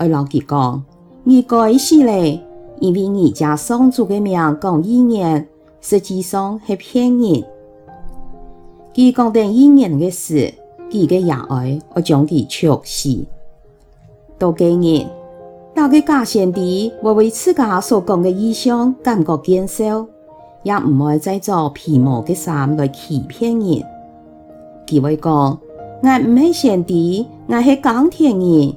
我老佢講：你改死咧，因為你家宋祖嘅名講意念，實際上係騙人。佢講定意念嘅事，佢嘅耳耳我將佢取死。到幾年，到家家先知會為自家所講嘅異象感覺堅守，也唔會再做皮毛嘅衫嚟欺騙人。佢會講：我唔係先知，我係耕田人。